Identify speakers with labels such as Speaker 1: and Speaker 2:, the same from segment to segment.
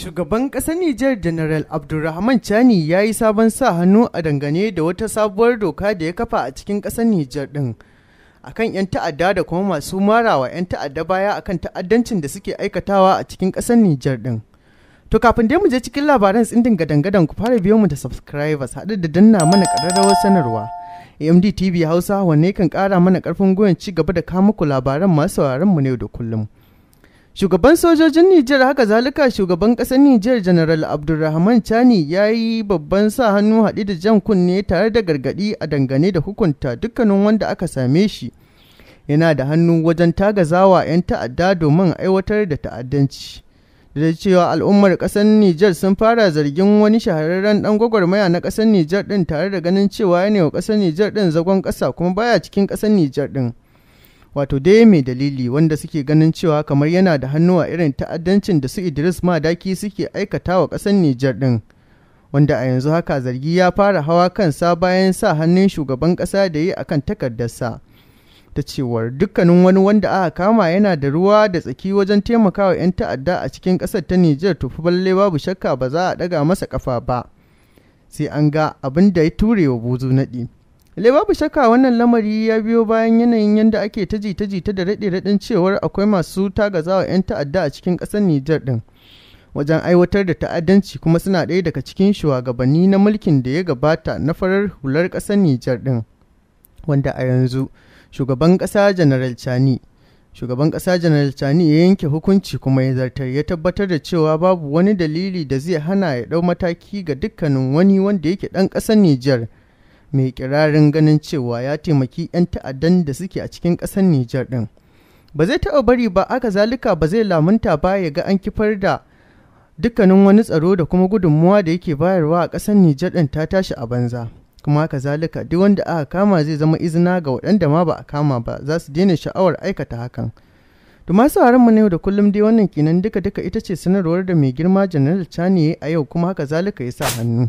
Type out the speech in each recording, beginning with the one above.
Speaker 1: Shugaban ƙasar Nijar General Abdulrahman Chani ya yi sabon sa hannu a dangane da wata sabuwar doka da ya kafa a cikin ƙasar Nijar ɗin. kan 'yan ta'adda da kuma masu marawa 'yan ta'adda baya a kan ta'addancin da suke aikatawa a cikin ƙasar Nijar ɗin. To kafin dai mu je cikin labaran tsindin gadan-gadan ku fara biyo mu da subscribers haɗu da danna mana ƙararrawar sanarwa. AMD TV Hausa wanne kan ƙara mana ƙarfin gwiwan ci gaba da kawo muku labaran masu sauraron mu ne da kullum. Shugaban sojojin Nijar haka zalika shugaban ƙasar Nijar General Abdulrahman Chani ya yi babban sa hannu haɗi da jan kunne tare da gargaɗi a dangane da hukunta dukkanin wanda aka same shi. Yana da hannu wajen tagazawa 'yan ta'adda domin aiwatar da ta'addanci. Da cewa al'ummar ƙasar Nijar sun fara zargin wani shahararren ɗan gwagwarmaya na ƙasar Nijar ɗin tare da ganin cewa ya wa ƙasar Nijar ɗin zagon ƙasa kuma baya cikin ƙasar Nijar ɗin. wato dai mai dalili wanda suke ganin cewa kamar yana da hannu a irin ta'addancin da su idris madaki suke aikata wa ƙasar nijar ɗin wanda a yanzu haka zargi ya fara hawa kansa bayan sa hannun shugaban ƙasa da yi akan takardarsa ta cewar dukkanin wani wanda aka kama yana da ruwa da tsaki wajen taimakawa 'yan ta'adda a cikin ƙasar ta nijar tufi balle babu shakka ba za a ɗaga masa ƙafa ba sai an ga abin da ya ture wa buzu naɗi. le babu shakka wannan lamari ya biyo bayan yanayin yadda ake ta jita jita da raɗe raɗin cewar akwai masu tagazawa 'yan ta'adda a cikin ƙasar Nijar ɗin. Wajen aiwatar da ta'addanci kuma suna ɗaya daga cikin shugabanni na mulkin da ya gabata na farar hular ƙasar Nijar ɗin. Wanda a yanzu shugaban ƙasa General Chani shugaban ƙasa janaral Chani ya yanke hukunci kuma ya zartar ya tabbatar da cewa babu wani dalili da zai hana ya ɗau mataki ga dukkanin wani wanda yake ɗan ƙasar nijar mai kirarin ganin cewa ya taimaki 'yan ta'addan da suke a cikin ƙasar Nijar ɗin. Ba zai taɓa bari ba aka zalika ba zai lamunta ba ya ga an kifar da dukkanin wani tsaro da kuma gudunmuwa da yake bayarwa a ƙasar Nijar ɗin ta tashi a banza. Kuma haka zalika duk wanda aka kama zai zama izina ga waɗanda ma ba a kama ba za su daina sha'awar aikata hakan. To masu mu na yau da kullum dai wannan kenan duka-duka ita ce sanarwar da mai girma janar Chani a yau kuma haka zalika ya sa hannu.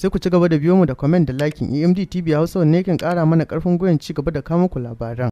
Speaker 1: sai ku ci gaba da biyo mu da comment da liking EMD TV Hausa ne kin kara mana karfin gwiwa ci gaba da kawo muku labaran.